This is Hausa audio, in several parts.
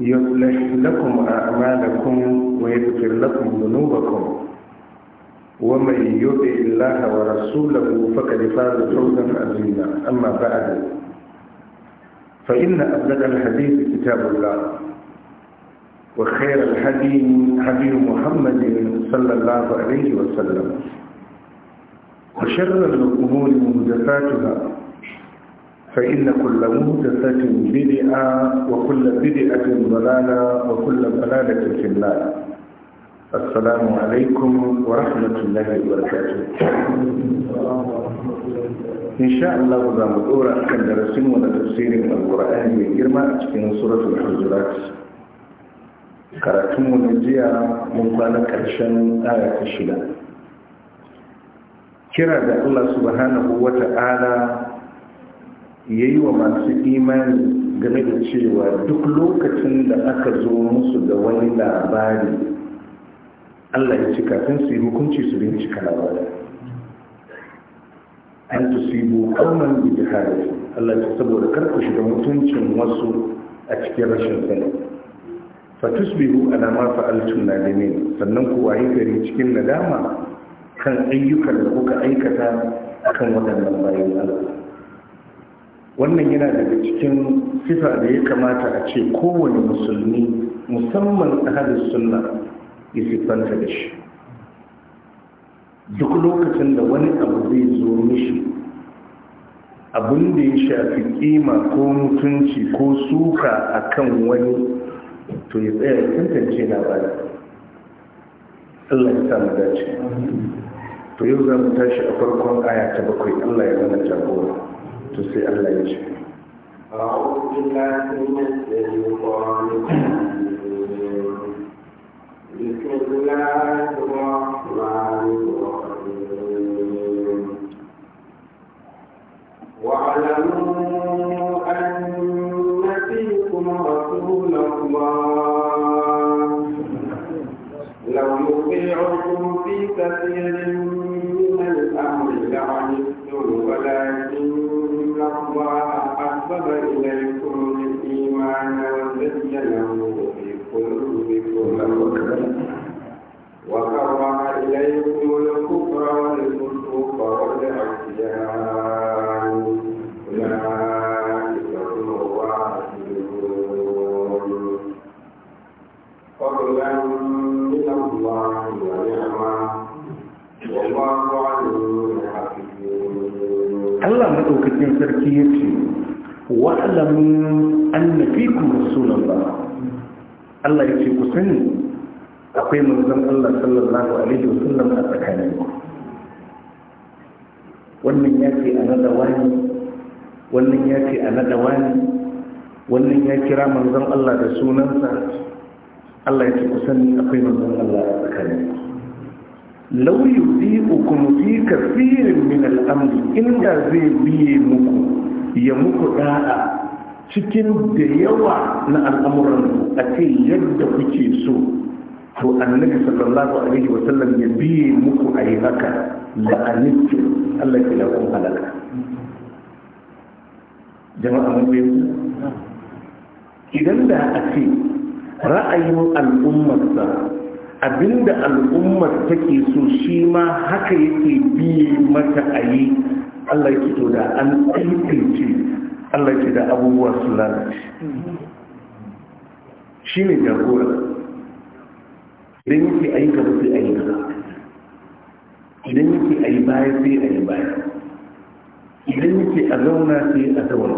يصلح لكم أعمالكم ويغفر لكم ذنوبكم ومن يطع الله ورسوله فقد فاز فوزا عظيما أما بعد فإن أبلغ الحديث كتاب الله وخير الحديث حديث محمد صلى الله عليه وسلم وشر الأمور محدثاتها فإن كل مهدسة بدعة وكل بدعة ضلالة وكل ضلالة في النار السلام عليكم ورحمة الله وبركاته إن شاء الله ذا مدورة كان درسين وتفسير القرآن من جرمة في سورة الحجرات كراتم نجيا من قال كرشن آية الشدة كرا الله سبحانه وتعالى ya yi wa masu imani game da cewa duk lokacin da aka zo musu da wani labari allah ya ci kafin su yi hukunci su bincika labarin an tusibu kaunan bijihari allah ya saboda karku shiga mutuncin wasu a cikin rashin sani fatusbihu ala ma na ne, sannan kuwa yi gari cikin nadama kan ayyukan da kuka aikata kan waɗannan bayan Allah wannan yana daga cikin sifa da ya kamata a ce kowane musulmi musamman a hada sunna ya siffanta da shi duk lokacin da wani abu zai zo mishi abin da ya shafi kima ko mutunci ko suka a kan wani to ya tsaya ya tantance labarin Allah ya samu dace to yau za mu tashi a farkon aya ta bakwai Allah ya zama jagora to sai Allah أعوذ بالله من الشيطان الرجيم بسم الله الرحمن الرحيم واعلموا أن فيكم رسول الله لو يطيعكم في كثير الله أكبر وكرم إليكم الكفر والفسوق والعصيان أولئك هم الراشدون فضلا من الله ونعما والله عليم حكيم الله مدوكتين سركيتي واعلموا أن فيكم رسول الله Allah ya ce ku sani akwai manzon Allah sallallahu alaihi wa sallam a tsakanin ku wannan ya ce a nada wani wannan ya ce a nada wani wannan ya kira manzon Allah da sunansa Allah ya ce ku sani akwai manzon Allah a tsakanin ku lau yuzi'ukum fi kathirin min al-amri inda zai biye muku ya muku da'a cikin da yawa na al'amuran a ce yadda kuke so to annabi sallallahu alaihi wa sallam ya biye muku a yi haka la'anitu Allah ke lafin halaka jama'a mun bai idan da a ce ra'ayin al'ummarsa abinda al'ummar take so shi ma haka yake biye mata a yi Allah ya to da an aikince Allah ke da abubuwa su lalace shi ne jagora idan yake a yi gaba sai a yi gaba idan yake a yi baya sai a yi baya idan yake a zauna sai a zauna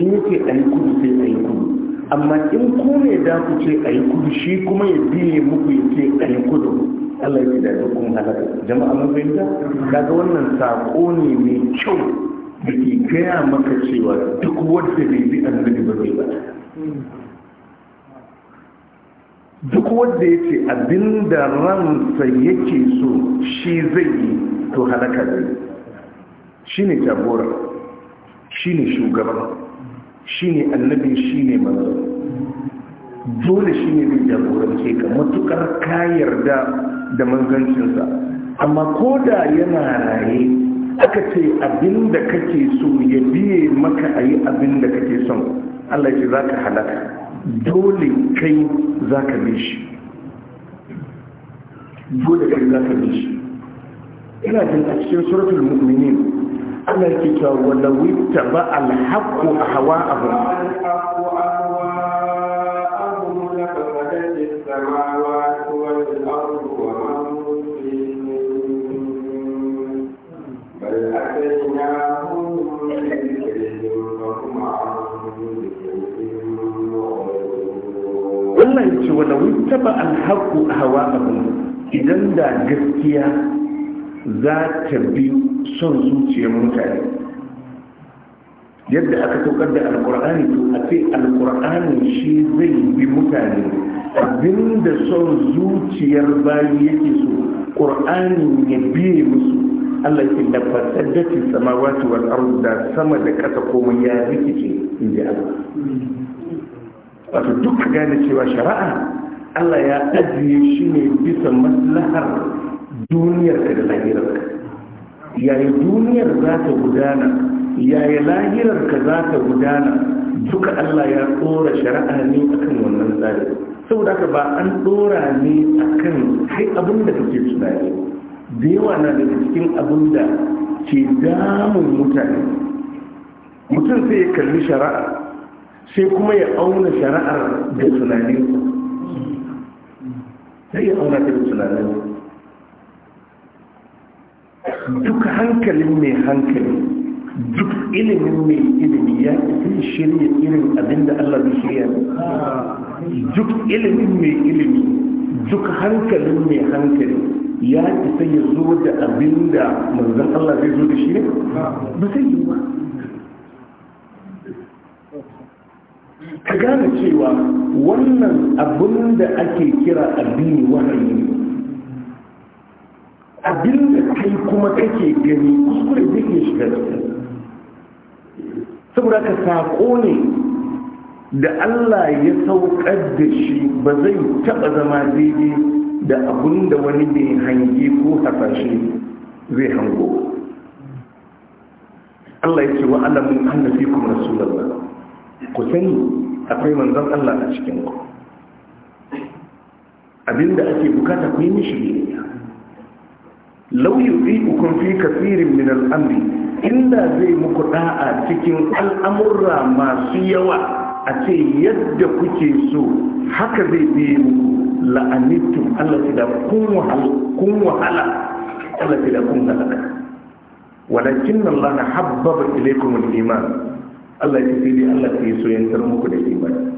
in yake a yi kudu sai a yi kudu amma in ku ne da ku ce a yi kudu shi kuma ya biye muku ya ce a yi kudu Allah ya ce da kun halaka jama'a mun fahimta daga wannan sako ne mai kyau da ke gaya maka cewa duk wanda bai bi annabi ba zai bata duk wanda ya ce abinda ransa yake so shi zai yi to halaka zai shi ne jagora shi ne shugaba shi ne annabi shi ne manzo dole shi ne zai jagorance ka matukar kayar da manzancinsa amma ko da yana raye aka ce abin da kake so ya biye maka a yi abin da kake son allah ce za ka halaka dole kai za ka bi shi dole kai za ka bi shi ina jin a cikin suratul mu'minin allah ke cewa wala witta ba alhaqu ahwa'ahum Wannan ya ce wala alhaku a hawa abin idan da gaskiya za ta bi son zuciyar mutane yadda aka saukar da alkur'ani to a ce alkur'ani shi zai bi mutane abinda son zuciyar bayi yake so ƙur'ani ya biye musu Allah ke da fasaddaci samawati wal ardu da sama da ƙasa komai ya rikice in ji Allah wato duk ka gane cewa shari'a Allah ya ajiye shi ne bisa maslahar duniyar da lahirar yayi duniyar za ta gudana yayi lahirar ka za ta gudana duka Allah ya tsora shari'a ne akan wannan tsari saboda haka ba an tsora ne akan kai abin da kake tunani da yawa na daga cikin abin da ke damun mutane mutum sai ya kalli shari'a sai kuma ya auna shari'ar da tunaninsa sai ya auna da tunaninsa duk hankalin mai hankali duk ilimin mai ilimi ya fi shirya irin abinda Allah bai shirya duk ilimin mai ilimi duk hankalin mai hankali ya isa ya zo da abinda manzan Allah zai zo da shi ne ba sai yi ba ka gane cewa wannan abin da ake kira addini wahayi ne abin da kai kuma kake gani kuskure da ke shiga cikin saboda ka saƙo ne da Allah ya saukar da shi ba zai taɓa zama daidai da abin da wani mai hange ko hasashe zai hango Allah ya ce wa alamun annabi kuma rasulullah ku sani akwai manzan Allah a cikin ku abinda ake bukata ku yi mishi biyayya law ukun fi kathirin min al'amri, inda zai muku da'a cikin al'amurra masu yawa a ce yadda kuke so haka zai biye muku la'anittum Allah ta da kun wahala kun wahala Allah ta da kun halaka walakin Allah habbaba ilaykum al-iman Allah ya sai dai Allah sai so yantar muku da imani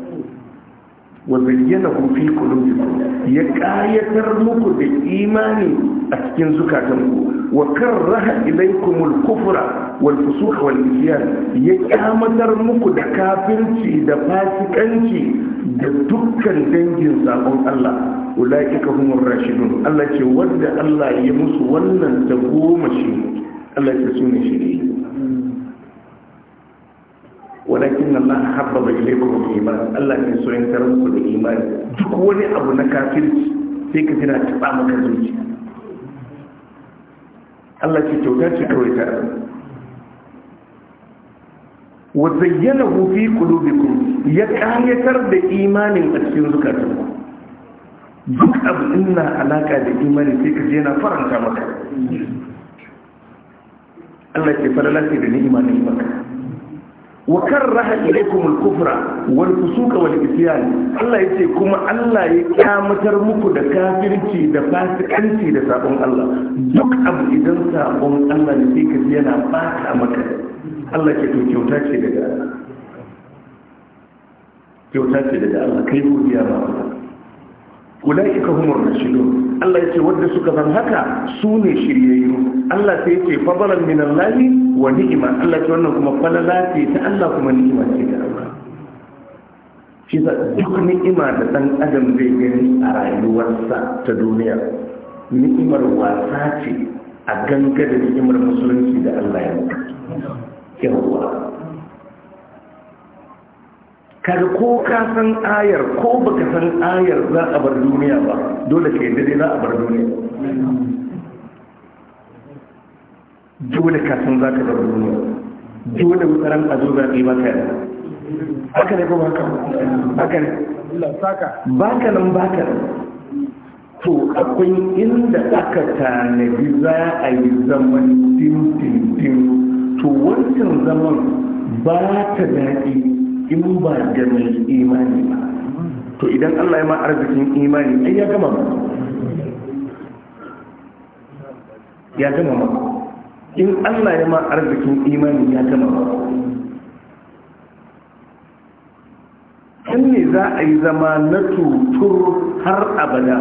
wa zayyana ku fi qulubikum ya ƙayatar muku da imani a cikin zukatanku wa karraha al kufra wal fusuq wal isyan ya ƙyamatar muku da kafirci da fasikanci da dukkan dangin sabon Allah ulaika ar rashidun Allah ce wanda Allah ya musu wannan da goma shi Allah ya sune shi ne walakin Allah habbaba ilaykum iman Allah ne so yin karanku da imani duk wani abu na kafirci sai ka jira ta ba maka zuci Allah ce kyauta ce kawai ta wa zayyanahu fi qulubikum ya kayatar da imanin a cikin zukatanku duk abu ina alaka da imani sai ka je na faranta maka Allah ke fara lafiya da ni'ima ne maka wa karraha ilaykum al-kufra wal fusuq wal isyan Allah yace kuma Allah ya kyamatar muku da kafirci da fasikanci da sabon Allah duk abu idan sabon Allah ne sai ka yana baka maka Allah ke to kyauta ce daga kyauta ce daga Allah Allah ya ce wadda suka zan haka su ne shiryayyu Allah sai ya ce fadalan min Allah wa ni'ima Allah ce wannan kuma falala ce ta Allah kuma ni'ima ce ta Allah shi duk ni'ima da ɗan adam zai gani a rayuwarsa ta duniya ni'imar wasa ce a ganga da ni'imar musulunci da Allah ya yi kar ko ka san ayar ko baka san ayar za a bar duniya ba dole ka yadda dai za a bar duniya dole ka san za ka bar duniya dole wutsaran a zo zaɓe ba ka yi haka ne ko ba ka haka ne ba ka nan ba ka nan to akwai inda aka tanadi za a yi zaman din din din to wancan zaman ba ta daɗi in ba da mai imani ba to idan Allah ya ma arzikin imani ai ya gama ba ya gama ba in Allah ya ma arzikin imani ya gama ba kan ne za a yi zama na tutur har abada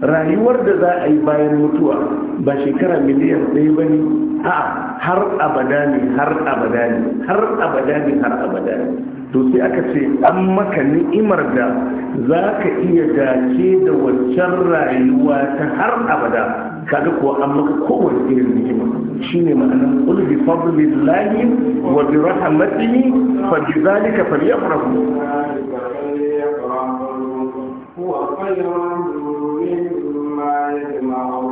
rayuwar da za a yi bayan mutuwa ba shekara miliyan ɗaya ba ne a'a har abada ne har abada ne har abada ne har abada ne to sai aka ce an maka ni'imar da za ka iya dace da waccan rayuwa ta har abada kaga kuwa an maka kowace irin ni'ima shine ma'anar qul bi llahi wa bi rahmatihi fa bi zalika falyafrahu huwa khayrun mimma yajma'u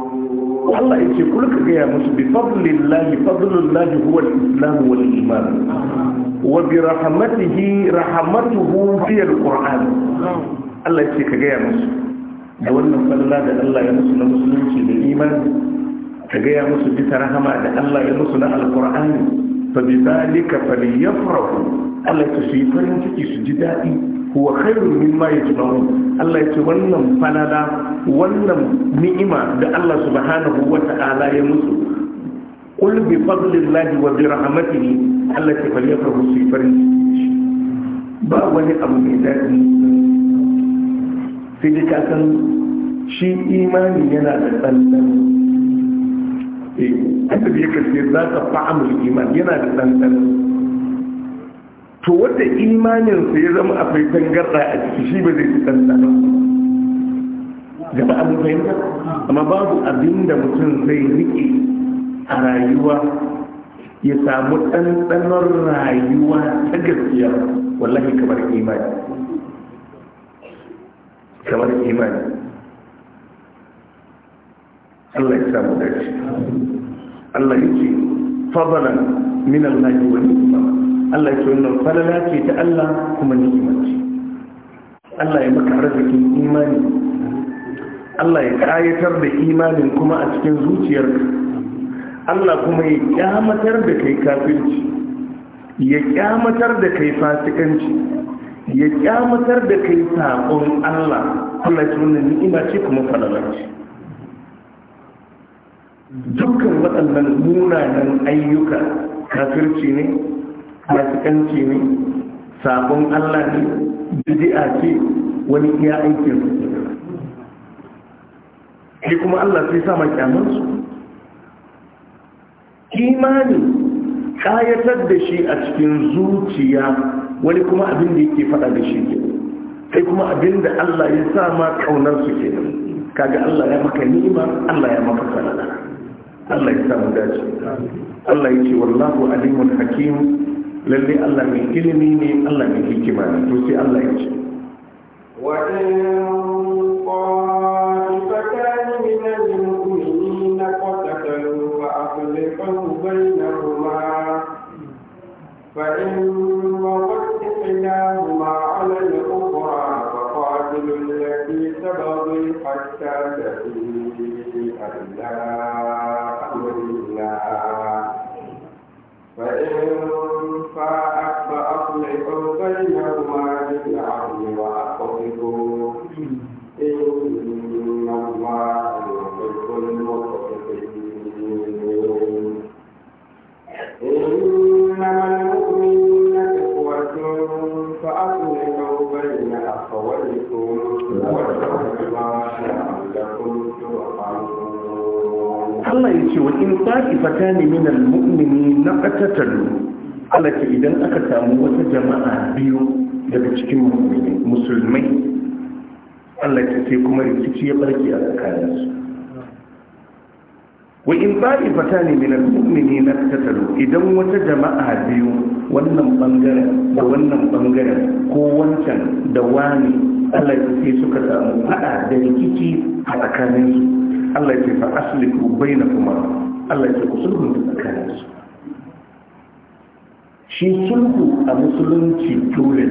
Allah ya ce kula ka gaya musu bi fadlillahi fadlillahi huwa islam wal iman wa bi rahmatihi rahmatuhu fi al-qur'an Allah ya ce ka gaya musu da wannan falla da Allah ya musu na musulunci da imani ka gaya musu bisa rahama da Allah ya musu na al-qur'ani fa bi zalika falyafrahu Allah ya ce su yi farin ciki su ji daɗi huwa khairun mimma yajma'un Allah yace wannan falala wannan ni'ima da Allah subhanahu wa ta'ala ya musu qul bi fadlillahi wa bi rahmatihi Allah ya falyafrahu fi farin ba wani abu mai daɗi sai dai ka san shi imani yana da tsallan eh yadda da yake sai za ka fa'amul iman yana da tsallan to wanda imaninsa ya zama akwai tangarda a ciki shi ba zai ci ɗanɗano jama'a mun fahimta amma babu abin da mutum zai riƙe a rayuwa ya samu ɗanɗanon rayuwa ta gaskiya wallahi kamar imani kamar imani Allah ya samu dace Allah ya ce fadalan min Allah wa ni'ma Allah ke wannan falala ce ta Allah kuma ni'imanci Allah ya maka arzikin imani Allah ya kayatar da imanin kuma a cikin zuciyarka Allah kuma ya kyamatar da kai kafirci ya kyamatar da kai fasikanci ya kyamatar da kai saƙon Allah Allah ke wannan ni'ima ce kuma falala ce dukkan waɗannan munanan ayyuka kafirci ne fasikanci ne sabon Allah ne a ce wani iya aikin su shi kuma Allah sai sa makyaman su imani kayatar da shi a cikin zuciya wani kuma abin da yake fada da shi ke sai kuma abin da Allah ya sa ma kaunar su ke kaga Allah ya maka nima Allah ya maka sanada Allah ya sa mu dace Allah ya ce wallahu alimun hakim lalle Allah mai ilimi ne Allah mai hikima ne to sai Allah ya ce wa فإن وقت إحداهما على الأخرى Allah ya ce wa in fa'i fatani min al-mu'mini na qatatalu Allah ke idan aka samu wata jama'a biyu daga cikin musulmai Allah ke sai kuma rikici ya barke a tsakanin su wa in fa'i fatani min al-mu'mini na qatatalu idan wata jama'a biyu wannan bangaren da wannan bangaren ko wancan da wani Allah ya sai suka samu fada da rikici a tsakanin su Allah ya ce fa asliku bainakuma Allah ya ce ku sulhu tsakanin su shi sulhu a musulunci dole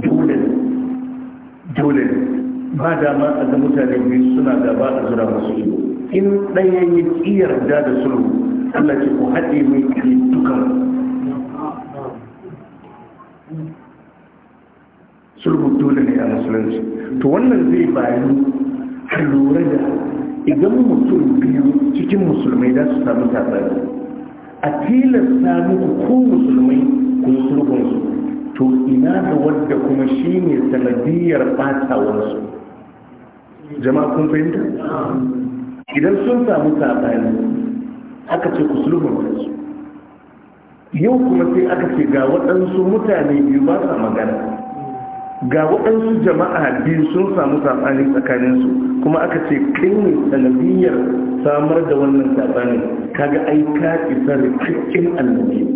dole dole ba dama a ga mutane biyu suna gaba a zura masu ido in ɗaya ya kiyar da da sulhu Allah ce ku haɗe mai ƙi dukan sulhu dole ne a musulunci to wannan zai bayu ka lura da idan mutum biyu cikin musulmai za su samu sabani a tilasta muku ko musulmai ko surgunsu sulhunsu to ina da wadda kuma shi ne sanadiyar batawarsu jama'a kun fahimta idan sun samu sabani aka ce ku surgunsu yau kuma sai aka ce ga waɗansu mutane biyu ba sa magana ga waɗansu jama'a biyu sun samu saɓani tsakaninsu kuma aka ce kai ne samar da wannan saɓani kaga ai ka isa rikakken annabi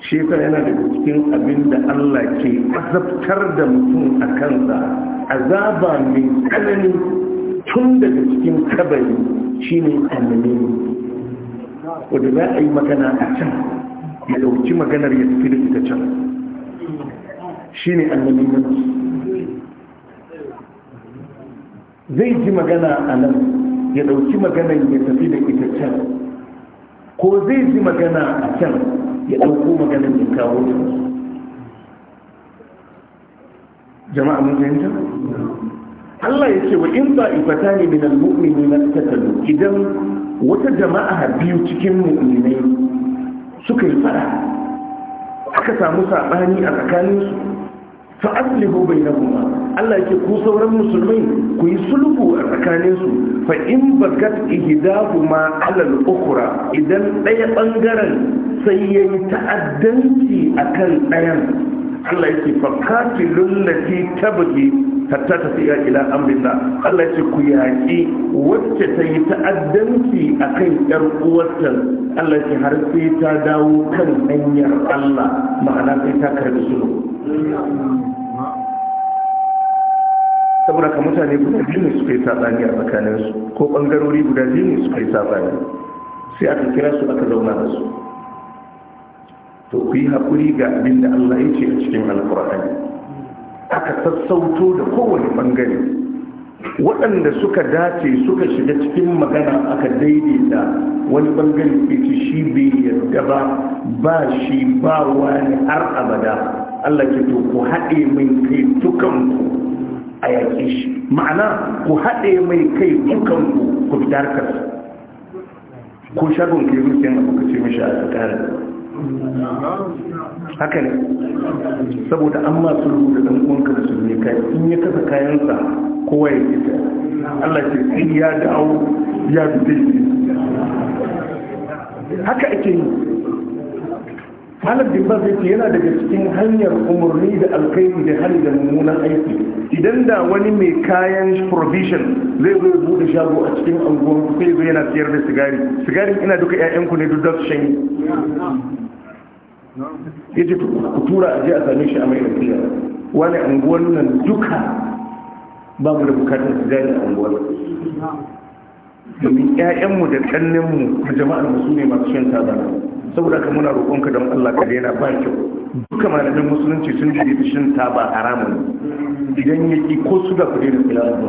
shekara yana da cikin abin da Allah ke azabtar da mutum a kansa azaba mai tsanani tun daga cikin kabari shine annabi wadda za a yi magana a can ya ɗauki maganar ya tafi da ita can shi ne annabin yunus zai ji magana a nan ya ɗauki maganar ya tafi da ita can ko zai ji magana a can ya ɗauko maganar ya kawo ta jama'a mun fahimta Allah ya ce wa in ba ifata ne min al-mu'minin idan wata jama'a biyu cikin mu'minai suka yi aka samu saɓani a tsakaninsu fa aslihu bainahuma Allah yake ku sauran musulmai ku yi sulhu a tsakaninsu fa in bakat ihdahuma ala al-ukhra idan daya bangaren sai yayi ta'addanci akan dayan Allah yake fa qatilul lati tabghi hatta ta fiya ila amrillah Allah ce ku yaki wacce ta yi ta'addanci a kan ƴar uwarta Allah ce har sai ta dawo kan hanyar Allah ma'ana sai ta karbi sulhu saboda ka mutane guda biyu ne suka yi sabani a tsakaninsu ko bangarori guda biyu ne suka yi sabani sai aka kira su aka zauna da su to ku yi haƙuri ga abin da Allah ya ce a cikin alƙur'ani aka sassauto da kowane bangare waɗanda suka dace suka shiga cikin magana aka daidaita wani bangare ke shi bai yarda ba ba shi ba wani har abada Allah ke to ku haɗe mai kai dukanku a yaƙi shi ma'ana ku haɗe mai kai dukanku ku fitar kasu ko shagon ke rufin abu ka ce mishi a tsakarar haka ne saboda an masu rubuta ɗan uwanka da su ne kai in ya kasa kayansa kowa ya fita Allah ce in ya da'au ya fita haka ake yi halar dimba zai yana daga cikin hanyar umarni da alkairu da hali da mummunan aiki idan da wani mai kayan provision zai zo ya bude shago a cikin anguwan sai zai yana siyar da sigari sigari ina duka 'ya'yanku ne duk da su shanyi ya ce ku tura a je a same shi a mai rafiya wani anguwar nan duka ba mu da bukatar su zai da anguwar domin ƴaƴanmu da ƙannenmu da jama'ar su ne masu shan taba saboda ka muna roƙonka don Allah ka daina ba kyau duka malamin musulunci sun da shan taba haramun idan ya ƙi ko su da ku daina tsira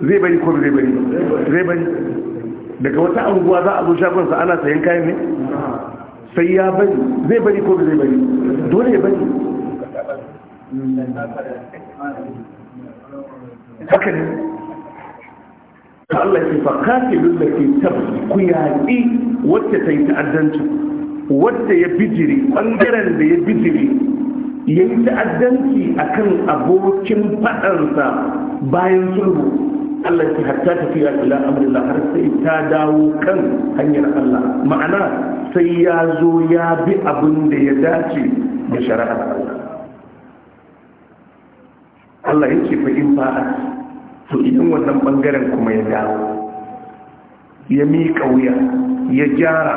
zai bari ko zai bari zai bari daga wata anguwa za a zo sa ana sayan kayan ne sai ya bari zai bari ko zai bari dole ya bari haka ne ta Allah ke fa kafirun ke tabbi ku yaƙi wacce ta yi ta'addanci wacce ya bijiri ɓangaren da ya bijiri ya yi ta'addanci a kan abokin faɗansa bayan sulhu Allah ke hatta tafiya ila amurla har sai ta dawo kan hanyar Allah ma'ana sai ya zo ya bi abin da ya dace da shari'ar Allah Allah ya ce fa in fa'a to idan wannan bangaren kuma ya dawo ya mi wuya ya gyara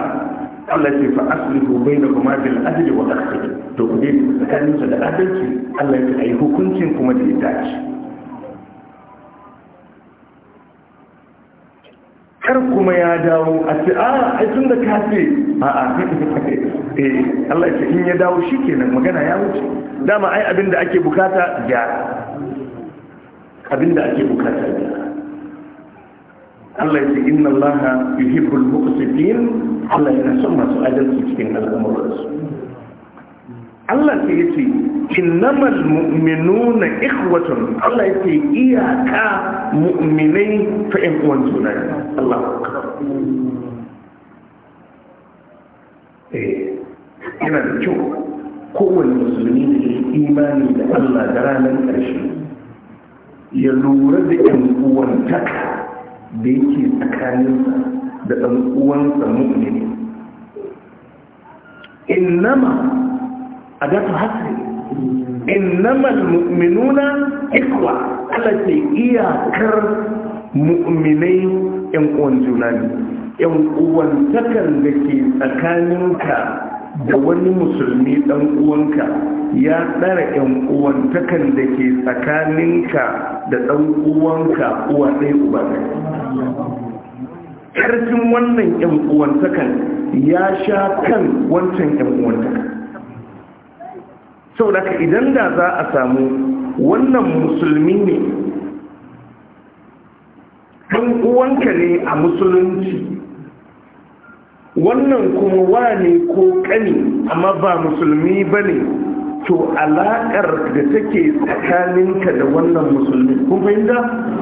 Allah ce fa aslihu bainakum bil adli wa aqsid to ku dai tsakanin da adalci Allah ya ce yi hukuncin kuma da ya dace kar kuma ya dawo a ce a ah, ai tun da ka ce a a eh Allah ya in ya dawo shi kenan magana ya wuce dama ai abin da ake bukata gyara abin da ake bukata gyara Allah ya inna Allah yuhibbul muqsitin Allah yana son masu adalci cikin al'amuransu Allah sai ya ce innamal mu'minuna ikhwatun Allah ya ce iyaka mu'minai fa in uwan juna Allah eh yana da kyau kowane musulmi da ke imani da Allah da ranar ƙarshe ya lura da ƴan uwantaka da yake tsakaninsa da ɗan uwansa mu'mini innama adatu hasri innamal mu'minuna ikwa Allah iyakar mu'minai yan uwan juna ne da ke tsakaninka da wani musulmi dan uwanka ya tsara yan uwantakan da ke tsakaninka da dan uwanka uwa ɗaya uba ɗaya ƙarfin wannan yan uwantakan ya sha kan wancan yan uwantakan saboda idan da za a samu wannan musulmi ne ɗan uwanka ne a musulunci wannan kuma wane ko ƙani amma ba musulmi ba ne to alaƙar da take tsakaninka da wannan musulmi kuma fahimta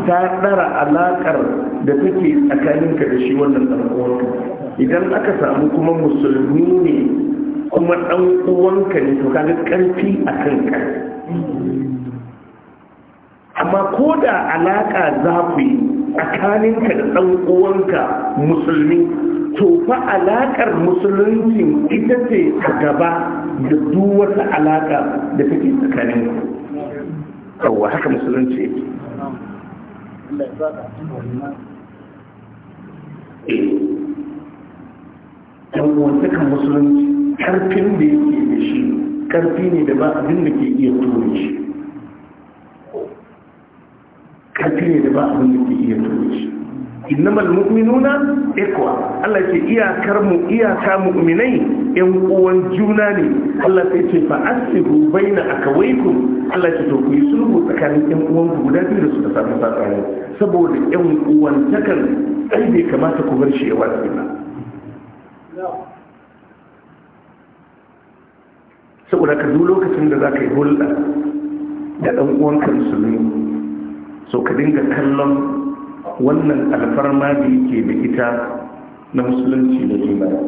ta ɗara alaƙar da take tsakaninka da shi wannan ɗan uwanka idan aka samu kuma musulmi ne kuma ɗan uwanka ne to kaga ƙarfi a kan ƙarfi amma ko da alaƙa za ku yi tsakaninka da ɗan uwanka musulmi to fa alaƙar musulunci ita ce a gaba da wata alaƙa da take tsakanin ku yawwa haka musulunci yake Thank eh. yan wantakan musulunci karfin da yake da shi karfi ne da ba abin da ke iya ture shi karfi ne da ba abin da ke iya ture shi innamal mu'minuna ikwa Allah ke iyakar mu iyaka mu'minai yan uwan juna ne Allah sai ce fa asiru baina akawaykum Allah ke to ku yi sulhu tsakanin yan uwan ku guda biyu da suka samu saboda yan uwan takan sai bai kamata ku bar shi ya wasu ba saboda ka duk lokacin da za ka yi hulɗa da ɗan uwanka musulmi so ka dinga kallon wannan alfarma da yake da ita na musulunci da imani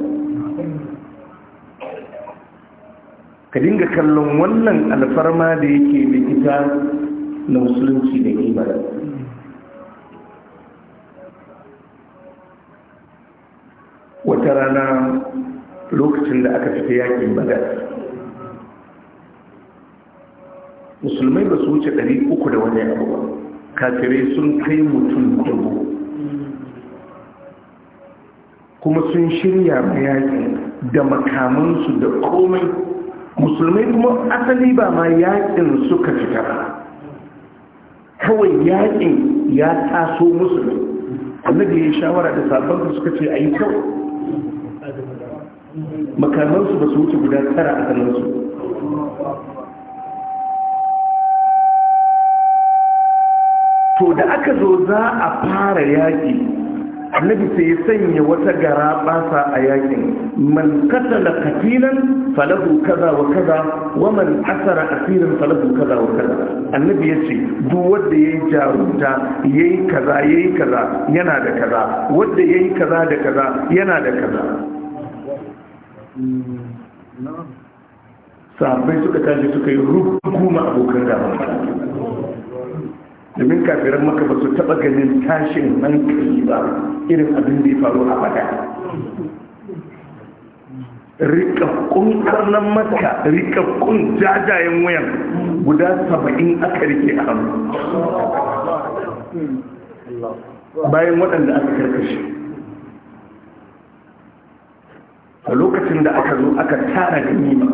ka dinga kallon wannan alfarma da yake da ita na musulunci da imani wata rana lokacin da aka fita yakin badar musulmai ba su wuce 300 da wani abu ba kafirai sun kai mutum dubu kuma sun shirya yaƙi da makamansu da komai musulmai kuma asali ba ma yaƙin suka fita kawai yaƙin ya taso musulmi annabi ya shawara da sabon suka ce a yi kawai makamansu ba su wuce guda tara a kanansu. to da aka zo za a fara yaƙi annabi sai ya sanya wata gara basa a yaƙin. man katala katilan falahu kaza wa kaza wa man asara asirin falahu kaza wa kaza annabi ya ce duk wanda yayi ya yayi kaza yayi kaza yana da kaza wanda yayi kaza da kaza yana da kaza sabai suka tashi suka yi rukuma abokan gaban domin kafiran maka ba su taba ganin tashin hankali ba irin abin da ya faru a bada rikakkun karnan maka rikakkun jajayen wayan guda saba'in aka rike a hannu bayan waɗanda aka karkashi a lokacin da aka zo aka tara ganima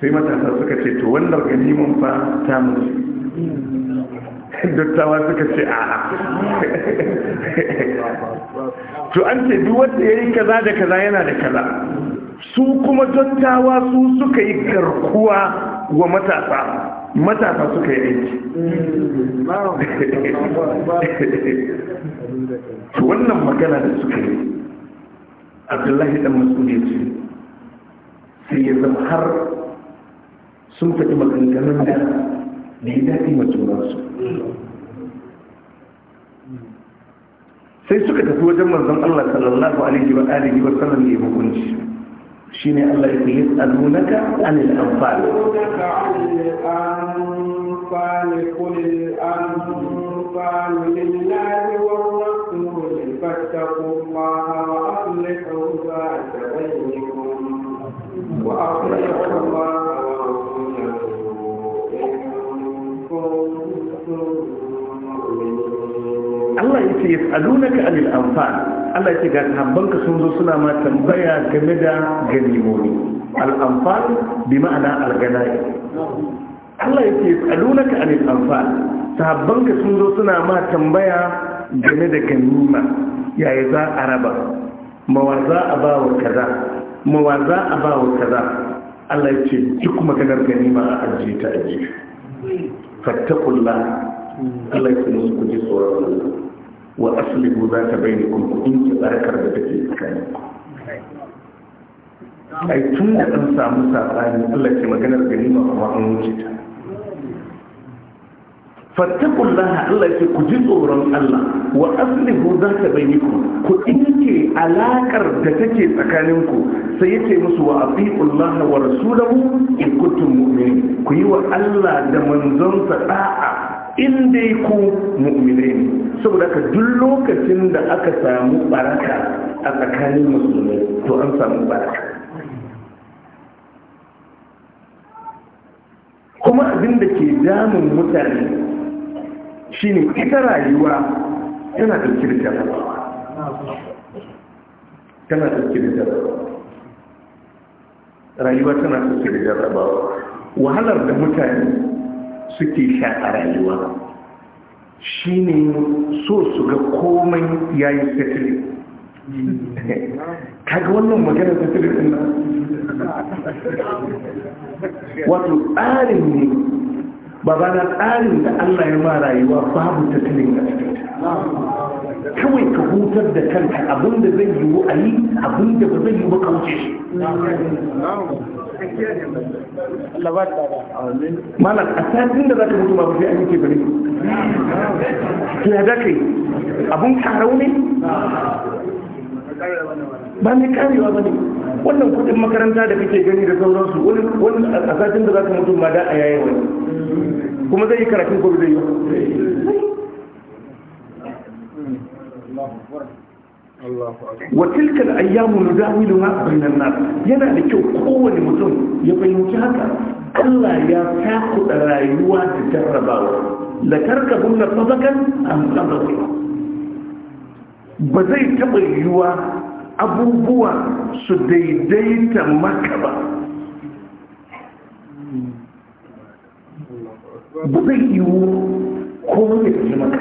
sai matasa suka ce to wannan ganiman fa ta mutu dattawa suka ce a to an ce duk wanda ya yi kaza da kaza yana da kaza su kuma dattawa su suka yi garkuwa wa matasa matasa suka yi aiki wannan magana da suka yi abdullahi dan masudi ce sai ya zama har sun faɗi maganganun da da ya daɗi su sai suka tafi wajen manzon Allah sallallahu alaihi wa alihi wa sallam ya hukunci shine Allah ya yi alunaka anil anfal ce ka anil amfani Allah ce ga ka sun zo suna ma tambaya game da ganimomi al'amfani bi ma'ana alganai ganai Allah ya ce yas'alunaka anil anfal ka sun zo suna ma tambaya game da ganima yaya za a raba mawaza za a ba wa kaza mawaza za a ba wa kaza Allah ya ce duk maganar ganima a ajiye ta ajiye fattakullah Allah ya kuma su kuji ji tsoron Allah wa aslihu za ta bai da kuma in ki barkar da take tsakani ai tun da an samu sabani Allah ke maganar ma kuma an wuce ta fattakullaha Allah ke ku ji tsoron Allah wa aslihu za ta bai ku in ki alakar da take tsakaninku sai yake musu wa abi'ullaha wa rasulahu in kuntum mu'minin ku yi wa Allah da sa da'a in dai ku mu'minai ne saboda ka duk lokacin da aka samu baraka a tsakanin musulmai to an samu baraka kuma abin da ke damun mutane shine ita rayuwa tana ɗauki da jarabawa tana ɗauki da rayuwa tana ɗauki da jarabawa wahalar da mutane suke sha a rayuwa shi ne so su ga komai ya yi settle kaga wannan magana settle ɗin nan wato tsarin ne babana tsarin da Allah ya ma rayuwa babu tattalin a cikin kawai ka hutar da kanka abinda zai yiwu a yi abinda ba zai yiwu ba wuce shi malam a satin da za ka mutu ba sai an yi ke bari. ya da kai abun karau ne ba mai karewa ba ne wannan kudin makaranta da kake gani da sauransu wani a satin da za ka mutu ma da a yayi wani kuma zai yi karatun ko zai yi wa tilkal ayyamu nudawiluha bainan nas yana da kyau kowane mutum ya fahimci haka Allah ya takuda rayuwa da jarrabawa la tarkabun la sabakan am sabakan ba zai taba yiwuwa abubuwa su daidaita maka ba ba zai yiwu komai ya maka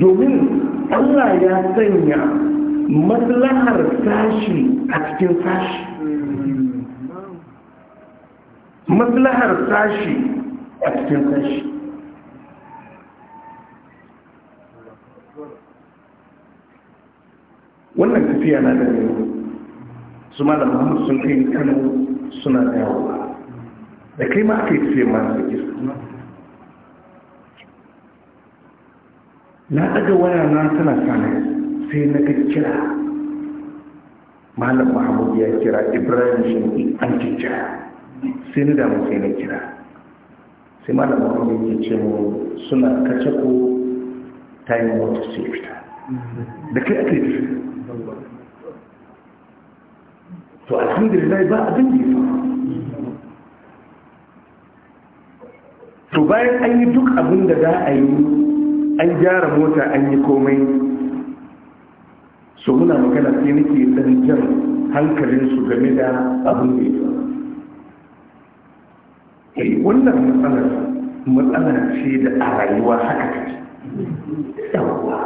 domin Allah ya sanya maslahar sashi a cikin sashi maslahar sashi a cikin sashi wannan tafiya na da yau su ma da muhammadu sun kai kanu suna da yawa da kai ma aka yi tafiya masu gisa na daga waya na tana sana sai na ga kira malam Mahmud ya kira ibrahim ne an kira sai na damu sai na kira sai malam Mahmud ya ce mu suna kace ko time su sai fita da kai ake fi to alhamdulillah ba abin da ya to bayan an yi duk abin da za a yi an gyara mota an yi komai so muna magana sai nake dan jan su game da abin da ya yi eh, wannan matsalar matsalar ce da a rayuwa haka take yawwa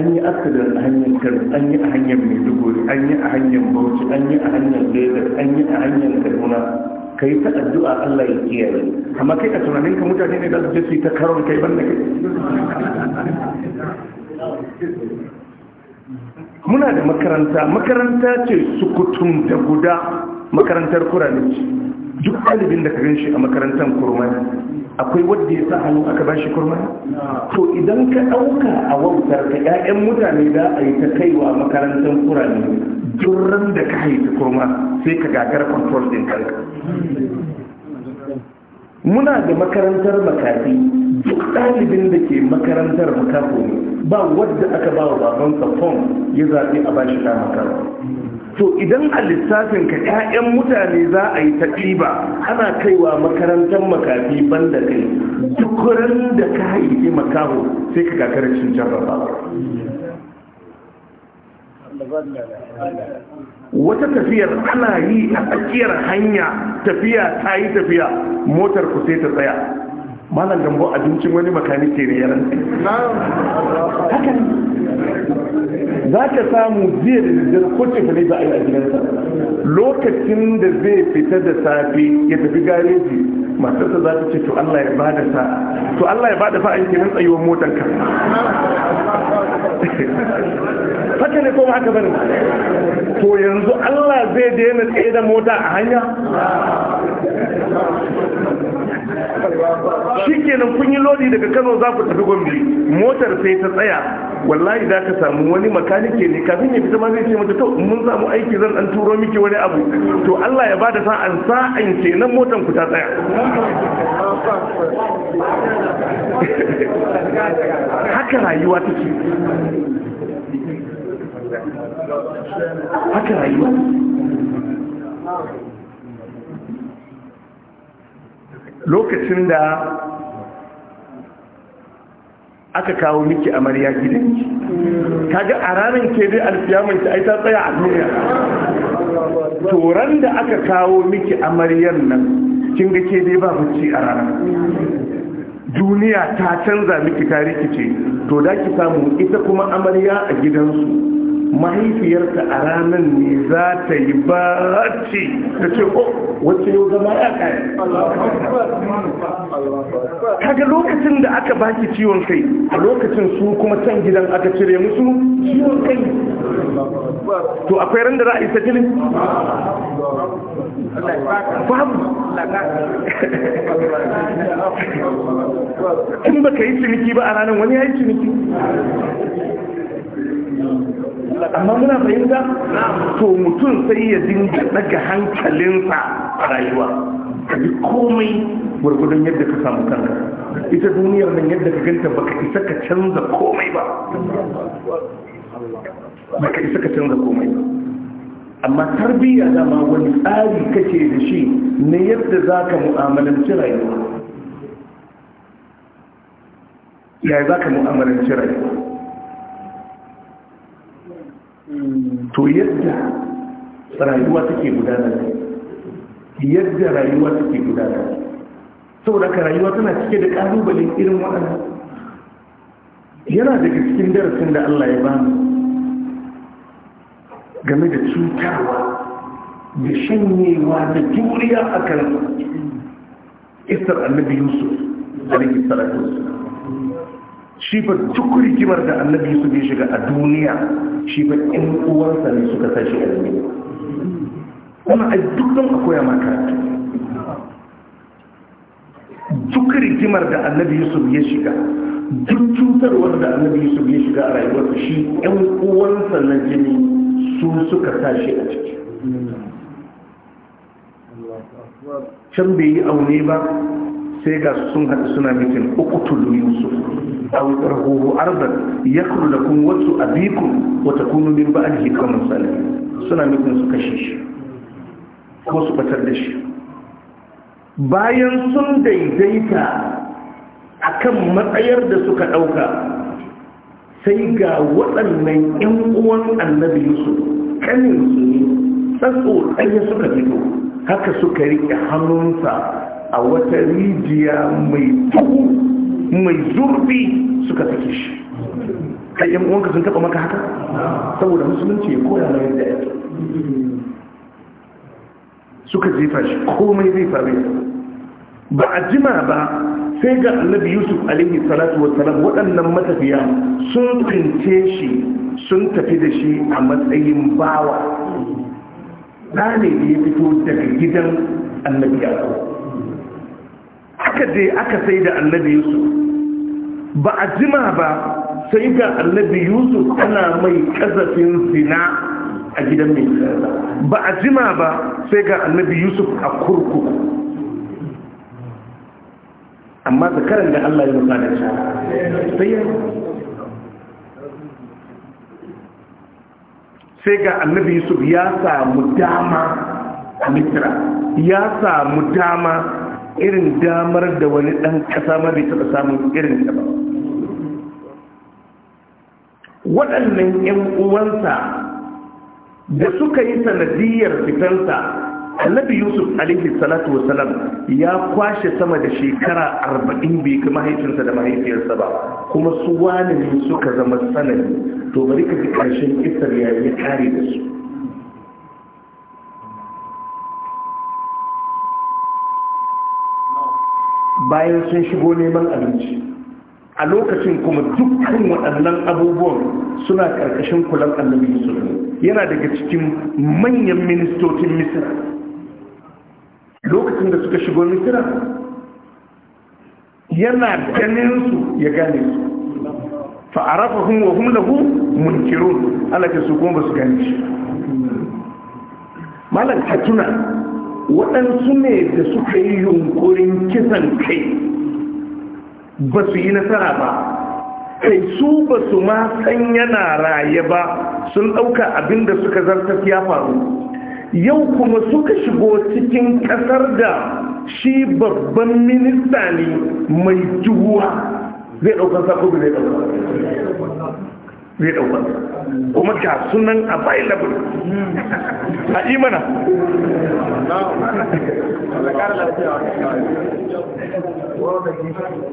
an yi akadar a hanyar kano an yi a hanyar maiduguri an yi a hanyar bauchi an yi a hanyar lagos an yi a hanyar kaduna ka yi ta addu'a Allah ya kiyaye amma kai a tunanin ka mutane ne da su je su yi ta karon kai banda kai muna da makaranta makaranta ce sukutun da guda makarantar kurani ce duk ɗalibin da ka gan shi a makarantar kurmani akwai wadda ya sa hannu aka ba shi kurmani to idan ka ɗauka a wautar ka 'ya'yan mutane da a yi ta kaiwa makarantar kurani duran da ka haifi kurma sai ka gagar kontrol din karka muna da makarantar makafi duk ɗalibin da ke makarantar makafo ne ba wadda aka ba wa babansa fom ya zaɓi a bashi ɗa makarantar to idan a lissafin ka 'ya'yan mutane za a yi taƙiba ana kaiwa makarantar makafi ban da kai duk da ka haifi makaho sai ka gagar cin jarraba wata tafiyar ana yi a tsakiyar hanya tafiya ta yi tafiya motar ku sai ta tsaya malam gambo abincin wani makanike ne yaran haka za ka samu zai da daddare ko ne za a yi a gidansa lokacin da zai fita da safe ya tafi gareji matarsa za ta ce to Allah ya bada sa to Allah ya bada sa an kiran tsayuwar motar ka haka ne ko haka bane to yanzu Allah zai daina tsaye da mota a hanya shi kenan kun yi lodi daga kano za ku tafi gombe motar sai ta tsaya wallahi za ka samu wani makanike ne kafin ya fita ma zai ce mata to mun samu aiki zan an turo miki wani abu to Allah ya bada an sa'an kenan motan ku ta tsaya haka rayuwa take haka rayuwa lokacin da aka kawo miki amarya gidanki kaga a ranar ke dai alfiyaman ta ai ta tsaya a duniya toran da aka kawo miki amaryar nan kin ga ke dai ba bacci a ranar duniya ta canza miki tarihi ce to da ki samu ita kuma amarya a gidansu mahaifiyarta a ranar ne za ta yi ce ta ce o oh, wacce yau zama ya kaya kaga lokacin da aka baki ciwon kai a lokacin su kuma can gidan aka cire musu ciwon kai to akwai ran da za a yi jini. babu in ba ka yi ciniki ba a ranar wani ya yi ciniki amma muna fahimta to mutum sai ya dinga daga hankalinsa a rayuwa ka komai gwargwadon yadda ka samu kanka ita duniyar nan yadda ka ganta baka isa ka canza komai ba baka isa ka canza komai ba amma tarbiyya dama wani tsari kake da shi na yadda za ka mu'amalanci rayuwa yaya za ka mu'amalanci rayuwa to yadda rayuwa take gudana yadda rayuwa take gudana saboda ka rayuwa tana cike da ƙalubalen irin waɗanda yana daga cikin darasin da Allah ya ba game da cutarwa da shanyewa da juriya a kan isar annabi yusuf a rikin sarakin wasu shi fa duk rigimar da annabi su bai shiga a duniya shi fa in uwansa ne suka tashi a duniya kuma a duk don akwai ma karatu duk rigimar da annabi su ya shiga duk cutarwar da annabi su ya shiga a rayuwarsa shi in uwansa na jini su suka tashi a ciki can bai yi aune ba sai ga sun haɗu suna mitin uku tulu yusuf أو ترهوه أرضا يخل لكم وجه أبيكم وتكونوا من بعده قوم صالحين سنة مثل سكشيش ko su batar da shi bayan sun daidaita a kan matsayar da suka ɗauka sai ga waɗannan 'yan uwan annabi yusuf kanin su ne tsatso ɗaya suka fito haka suka riƙe hannunsa a wata rijiya mai tuhu mai zurfi suka sake shi kai yan uwanka sun taba maka haka saboda musulunci ya koya mai yadda ya suka jefa shi komai zai faru ba a jima ba sai ga annabi yusuf alaihi salatu salam waɗannan matafiya sun tsince shi sun tafi da shi a matsayin bawa ɗa ne da ya fito daga gidan annabi yaro Haka dai aka sai da annabi yusuf ba a jima ba sai ga annabi yusuf ana mai kazafin zina a gidan mai ba a jima ba sai ga annabi yusuf a kurkuku amma zakaran da allah ya nuna da shi sai ya sai ga annabi yusuf ya samu dama a mitra ya samu dama irin damar da wani ɗan ƙasa ma bai taɓa samun irin ta ba waɗannan 'yan uwansa da suka yi sanadiyar fitansa annabi yusuf alaihi salatu wasalam ya kwashe sama da shekara arba'in bai ga mahaifinsa da mahaifiyarsa ba kuma su wani ne suka zama sanadi to bari ka ji ƙarshen isar ya yi kare da su bayan sun shigo neman abinci a lokacin kuma dukkan waɗannan abubuwan suna ƙarƙashin kulan annabi yusuf yana daga cikin manyan ministocin misira lokacin da suka shigo misira yana ganin su ya gane su fa'arafahun wa hun, lahu munkirun Allah su kuma ba su gane shi malam katuna waɗansu ne da suka yi yunkurin kisan kai ba su yi nasara ba kai su ba su ma san yana raye ba sun ɗauka abin da suka zarta ya faru yau kuma suka shigo cikin ƙasar da shi babban minista ne mai juwa zai ɗaukar sako zai ɗauka zai ɗauka kuma ga sunan available a imana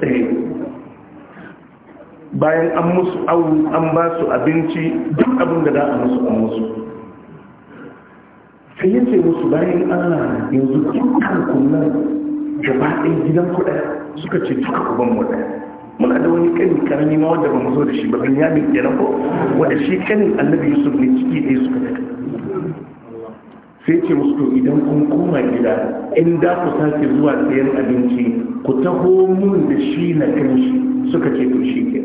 eh. bayan an musu awu an ba su abinci duk abin da za a musu an musu sai yace musu bayan ana yanzu dukkan kunnan gaba ɗaya gidan kuɗa suka ce duka kuban mu muna da wani kan karami ma wanda ba mu zo da shi ba bin yamin kenan ko wanda shi kanin annabi yusuf ne ciki ɗaya suka daga sai ce musu idan kun koma gida in da ku sake zuwa sayan abinci ku taho mun da shi na kan shi suka ce to shi ke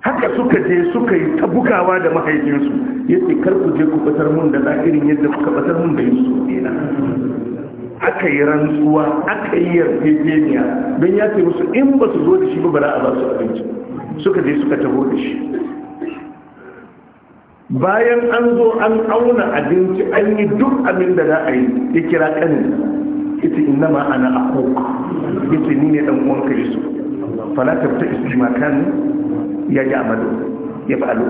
haka suka je suka yi ta bugawa da mahaifinsu ya ce kar ku je ku batar mun da za yadda kuka batar mun da yusuf ne na aka yi rantsuwa aka yi yarjejeniya don ya ce musu in ba su zo da shi ba bara a ba su abinci suka je suka taho da shi bayan an zo an auna abinci an yi duk abin da za a yi ya kira kan ita inna ma ana a ya Ita ni ne dan ka yesu falatar ta isi makan ya yi amadu ya fa'alo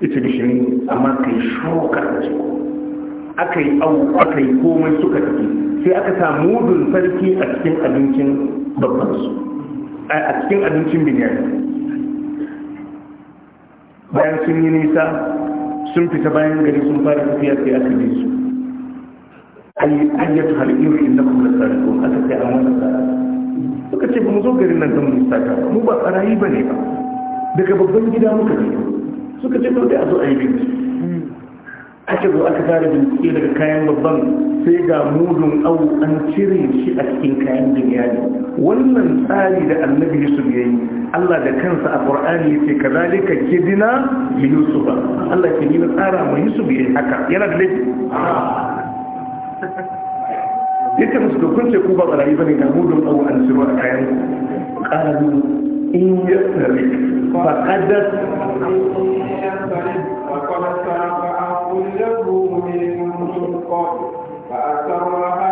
ita gishiri amma kai shokar da su aka yi au aka yi komai suka tafi sai aka samu mudun sarki a cikin abincin babban su a cikin abincin biniyar bayan sun yi nisa sun fita bayan gari sun fara tafiya sai aka bi su ayyatu halittu inda kuma da ko aka kai an da tsara suka ce ba mu zo garin nan don mu sata mu ba tsarayi ba ne ba daga babban gida muka fito suka ce dole a zo a yi bincike aka zo aka tara bincike daga kayan babban sai ga mudun au an cire shi a cikin kayan duniya ne wannan tsari da annabi yusuf yayi allah da kansa a ƙwar'ani ya ce kidina ya yusuf allah ke na tsara ma yusuf ya yi haka yana da laifi ya musu dokun ce ku ba barayi ba ne ga mudun au an ciro a kayan ƙararru in ya tsare faƙadar له من سلطان فأسرها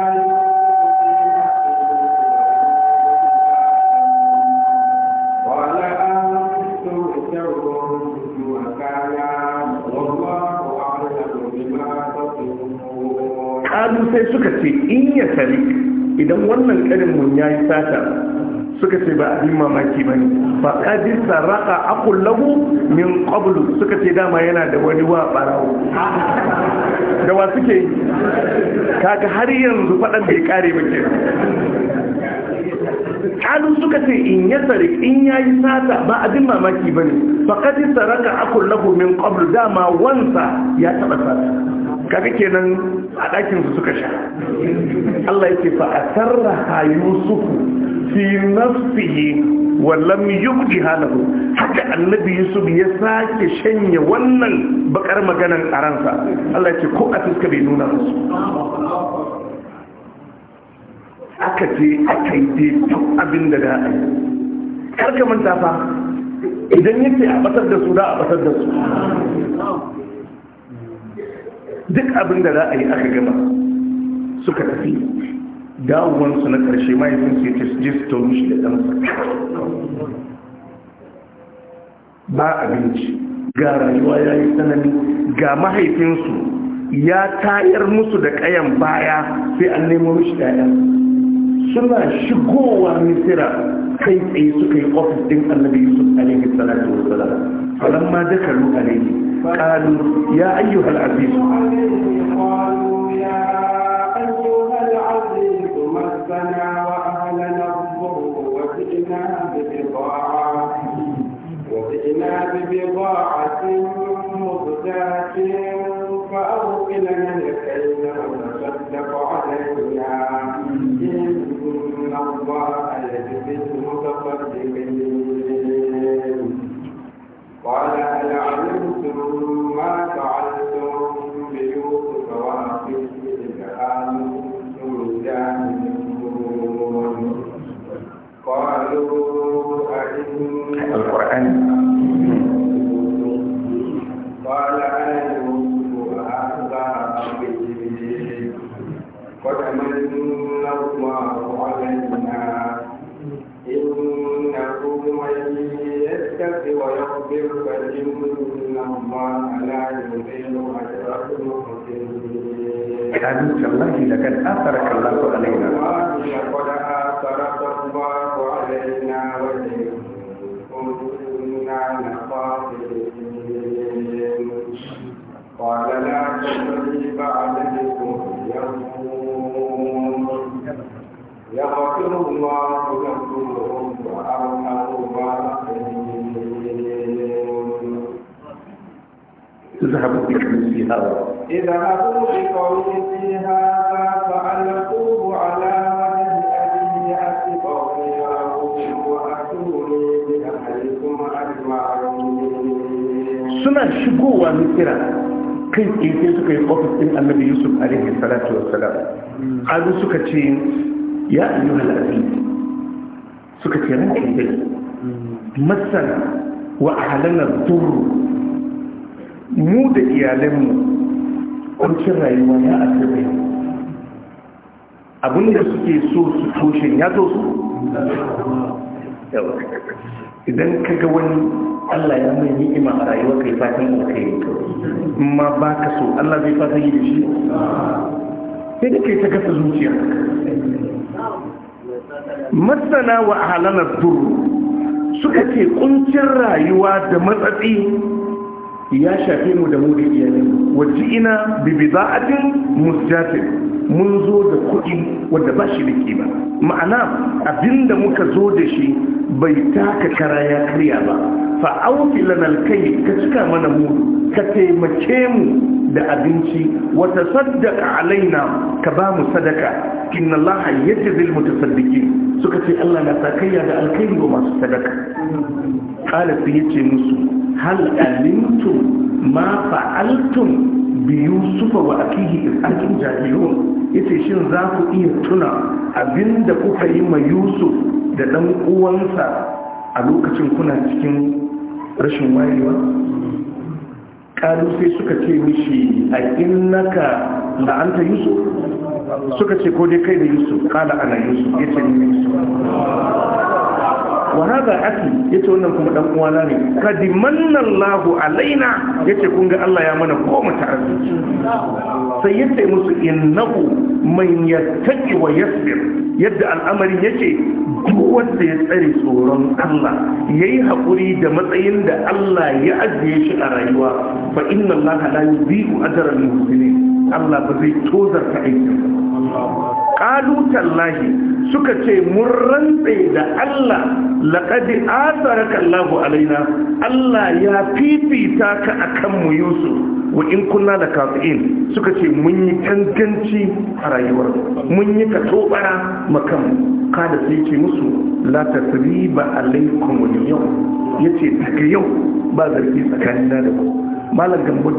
Kalu sai suka ce in ya sari idan wannan karin mun ya yi sata suka ce ba abin mamaki ba ne ba kadir sarraka akun lahu min qablu suka ce dama yana da wani wa barawo da wa suke kaga har yanzu faɗan bai kare ba ke kalu suka ce in ya sarik in ya yi sata ba abin mamaki ba ne ba kadir sarraka akun lahu min qablu dama wansa ya taɓa sata kaga kenan a ɗakinsu suka sha Allah yake fa a sarraha yusufu fi nafsihi wa lam yubdiha lahu haka annabi yusuf ya sake shanye wannan bakar maganan a ransa Allah ya ce ko a fuska bai nuna musu aka je aka yi dai duk abin da da a yi karka manta fa idan yake a batar da su da a batar da su duk abin da za a yi aka gama suka tafi dawowansu na ƙarshe mahaifin su ce su je su tauri shi da ɗansa ba abinci ga rayuwa ya yi tsanani ga mahaifinsu ya tayar musu da ƙayan baya sai an nemo mishi ɗayan suna shigowa misira kai tsaye suka yi ofis din annabi yusuf alaihi salatu wa salam falamma dakalu alaihi ƙalu ya ayyuhal aziz ربنا a kaji kallaki daga asara kallaku a laina Yahoo! اذهبوا بقوم في هذا اذهبوا بقوم في هذا فألقوه على وجه أبي أسبق وأتوني بأهلكم أجمعين سنة شكوى kai tsaye suka yi ofis ɗin annabi yusuf alaihi salatu wassalam kalu suka ce ya ayyuha al'aziz suka ce ranka dai masana wa ahlana dhurr mu da iyalanmu ƙuncin rayuwa ya a tabi abinda suke so su toshe ya zo su idan ka ga wani allah ya mai ni'ima a rayuwa kai fatan yi, ma ba ka so allah zai fatan yi da shi sai da kai ta gasa zuciya masana wa halalar duru suka ce ƙuncin rayuwa da matsatsi ya shafi mu da mu da waje ina bibiza'atin musjatin mun zo da kuɗi wadda ba shi da ba ma'ana abinda muka zo da shi bai taka kara ya karya ba auki lana kai ka cika mana mu ka taimake mu da abinci wata saddaka alaina ka ba mu sadaka inna laha yadda zai mutasaddiki suka ce allah na sakayya da alkhairi ga masu sadaka ƙalafi ya ce musu hal alimtum ma fa'altum bi yusufa wa akihi in antum jahilun yace shin za ku iya tuna abinda kuka yi ma yusuf da dan uwansa a lokacin kuna cikin rashin wayewa kalu sai suka ce mishi a innaka la'anta yusuf suka ce ko dai kai da yusuf kala ana yusuf yace ni yusuf wa hada aki yace wannan kuma dan uwana ne kadimanna Allahu alaina yace kun ga Allah ya mana ko mu Sai sai yace musu innahu man yattaqi wa yasbir yadda al'amari yace duk wanda ya tsare tsoron Allah yayi haƙuri da matsayin da Allah ya ajiye shi a rayuwa fa inna Allah la yudhi'u ajra al-muhsinin Allah ba zai tozarta aikin ba qalu tallahi suka ce mun rantse da Allah laqad atharaka kallahu alaina Allah ya fifita ka akan mu Yusuf wa in kunna la suka ce mun yi kanganci a rayuwar mun yi katobara makam kada sai ce musu la tasriba alaikum yau yace daga yau ba zargi tsakanin da ku malam gambo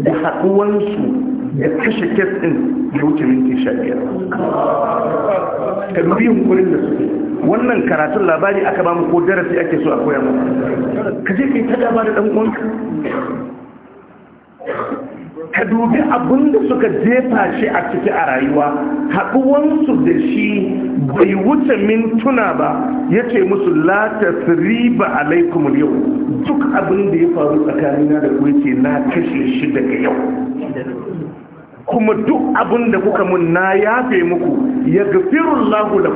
da haɗuwansu ya kashe kes din ya wuce minti sha biyar ka dubi yunkurin da suke wannan karatun labari aka ba mu ko darasi ake so a koya mu ka je kai ta dama da dan uwanka ka dubi abin da suka jefa shi a ciki a rayuwa haɗuwansu da shi bai wuce mintuna ba ya ce musu 'La riba alaikum yau duk abin da ya faru tsakanina da kuwa ce na kashe shi daga yau kuma duk abin da kuka mun na yafe muku ya gafirun lahu da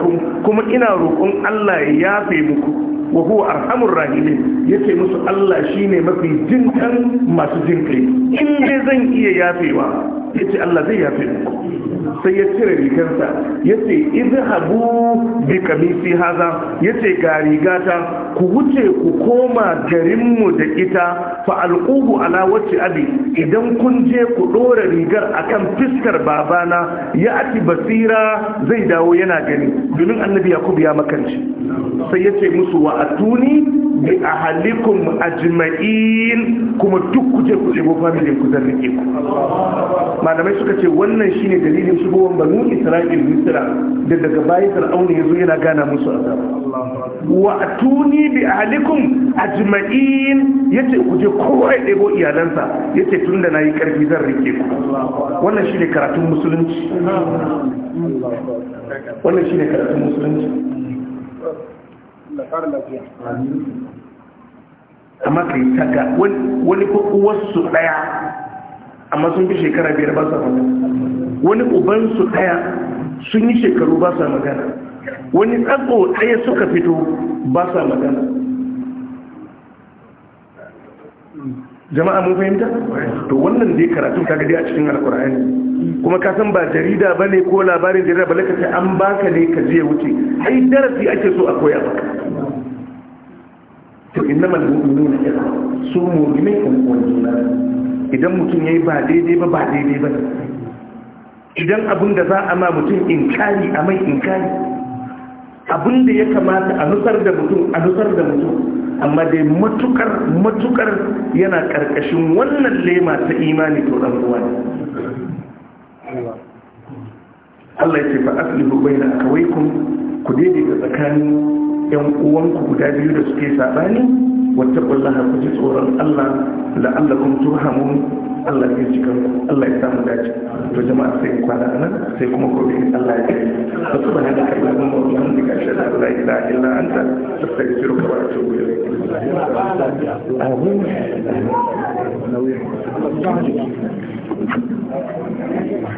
kuma ina roƙon Allah ya yafe muku wa huwa arhamur rahimin yace musu Allah shine mafi jinkan masu jinkai in dai zan iya yafewa sai ce Allah zai yafe muku sai ya cire rigarsa ya ce izhabu bi kamisi haza ya ce ga rigata ku wuce ku koma garinmu da ita fa alquhu ala wacce abi idan kun je ku ɗora rigar akan fiskar babana ya ati basira zai dawo yana gani domin annabi yakub ya makanci sai ya ce musu wa atuni bi ahalikum ajma'in kuma duk kuje ku ko familin ku zarrike ku malamai suka ce wannan shine dalilin shigowar banu isra'il misra da daga bayan fir'auna yazo yana gana musu azaba wa atuni bi ahlikum ajma'in yace ku je kowa ya debo iyalansa yace tunda nayi karfi zan rike ku wannan shine karatun musulunci wannan shine karatun musulunci amma kai taga wani ko uwarsu daya amma sun fi shekara biyar ba sa magana wani ubansu ɗaya sun yi shekaru ba sa magana wani tsago ɗaya suka fito ba sa magana jama'a mun fahimta to wannan dai karatun ka gadi a cikin alkur'ani kuma ka san ba jarida bane ko labarin jarida bane ka ce an baka ne ka je wuce ai darasi ake so a koya ba. to innamal mu'minuna ikhwa su mu'minai kan uwan idan mutum ya yi ba daidai ba ba daidai ba idan abin da za a ma mutum inkari a mai inkari abin da ya kamata a nusar da mutum a nusar da mutum amma dai matukar matukar yana karkashin wannan lema ta imani to dan uwa Allah ya ce fa aslihu baina akawaykum ku da tsakanin yan uwanku guda biyu da suke sabani واتقوا الله كجسورا الله لعلكم turhamun Allah ya cika Allah ya samu dace to jama'a sai kwana nan sai kuma gobe Allah ya kai to subhanaka allahumma wa bihamdika ashhadu an la ilaha illa anta astaghfiruka wa atubu ilayk amin